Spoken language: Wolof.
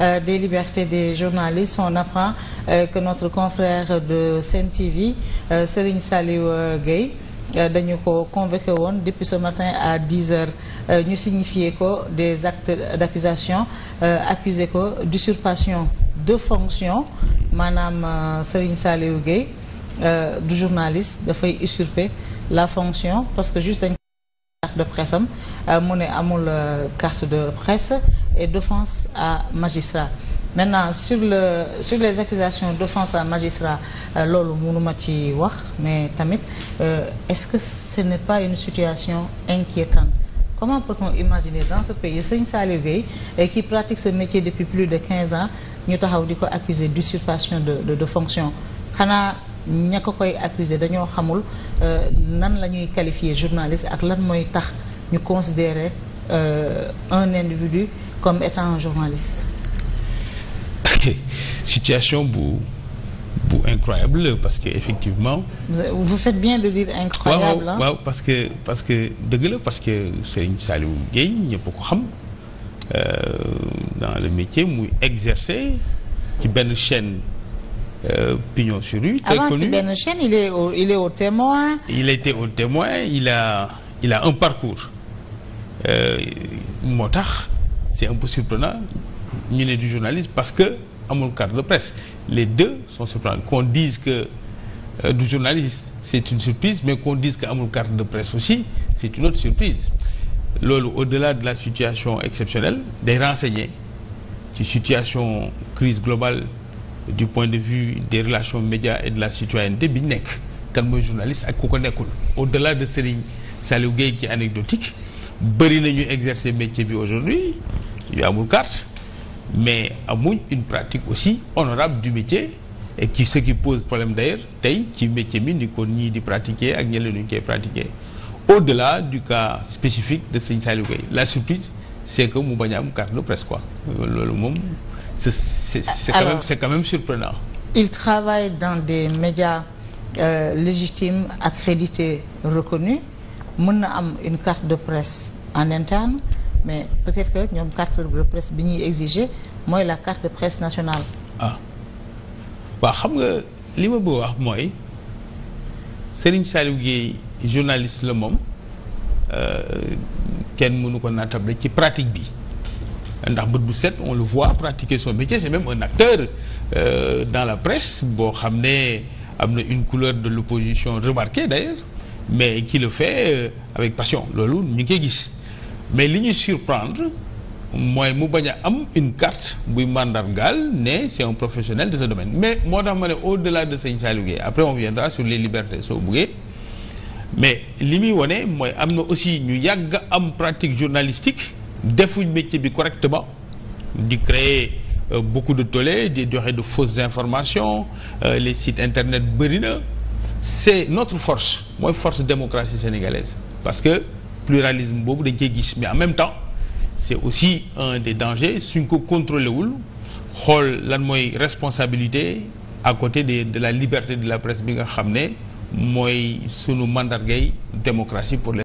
Euh, des libertés des journalistes, on apprend euh, que notre confrère de Sen TV, euh, Serigne Saliou euh, Gueye, dañu ko convoqué woon depuis ce matin à 10 heures ñu signifié ko des actes d'accusation accusé ko d'usurpation de fonction maanaam Serigne Saliou Gueye du journaliste dafay usurper la fonction parce que juste dañ carte de presse am mu ne amul carte de presse et d'offense à magistrat maintenant sur le sur les accusations d'offense à magistrat euh, loolu mënuma ci wax mais tamit euh, est-ce que ce n'est pas une situation inquiétante comment peut-on imaginer dans ce pays Serigne Saliou Gueye euh, qui pratique ce métier depuis plus de quinze ans ñu taxaw di ko accuser d'usurpation de de, de fonction xanaa ña ko koy accuser dañoo xamul nan la ñuy qualifier journaliste ak lan mooy tax ñu considérer un individu comme étant un journaliste. ok situation bu bu incroyable parce que effectivement. vous faites bien de dire incroyable waaw parce que parce que dëgg la parce que Serigne Saliou Gueye ñëpp ko xam euh, dans le métier muy exercer ci benn chaîne. Euh, pignon sur rue. très connu avant chaîne il est au témoin. il était au témoin il a un parcours euh, moo tax. c'est un peu surprenant ñu ne du journaliste parce que amul carte de presse les deux sont surprenants qu'on dise que euh, du journaliste c'est une surprise mais qu'on dise que amul carte de presse aussi c'est une autre surprise loolu au-delà de la situation exceptionnelle day renseigner ci situation crise globale du point de vue des relations médias et de la citoyenneté bi ñu nekk kan mooy journaliste ak ku ko nekkul au-delà de Serigne Saliou Gueye qui est anecdotique bëri nañu exercer métier bi aujourd'hui yu amul carte mais amuñ une pratique aussi honorable du métier et qui ce qui pose problème d'ailleurs tey ci métier mi ni ko ñii di pratiquer ak ñeneen ñu koy pratiquer au-delà du cas spécifique de Serigne Saliou Gueye la surprise c'est que mu bañ a am carte de presse quoi loolu moom c'est c'est quand même c'est quand même surprenant il travaille dans des médias euh, légitimes accrédités reconnus mën na am une carte de presse en interne mais peut-être que ñoom carte de presse bi ñuy exiger mooy la carte de presse nationale. ah waaw xam nga li ma bëgg wax mooy Serigne Saliou Guèye journaliste la moom euh, kenn mënu ko naatable ci pratique bi ndax bët bu set on le voit pratiquer son métier c'est même un acteur euh, dans la presse boo xam ne am na une couleur de l'opposition remarquée d'ailleurs mais qui le fait euh, avec passion loolu ñu ngi koy gis. mais li ñuy surprendre mooy mu bañ a am une carte buy mandargaal ne c'est un professionnel de ce domaine mais moo tax ma ne au-delà de Sëñ Saliou Guèye après on viendra sur les libertés soo buggee mais li muy wone mooy am na aussi ñu yàgg am pratique journalistique defuñ métier bi correctement di créer euh, beaucoup de tollé di joxe de fausses informations euh, les sites internet bëri na c'est notre force mooy force démocratie sénégalaise parce que pluralisme boobu dañ cee gis mais en même temps c'est aussi un des dangers suñ ko contrôlé wul xool lan mooy responsabilité à côté de de la liberté de la presse bi nga xam ne mooy sunu mandargay démocratie pour les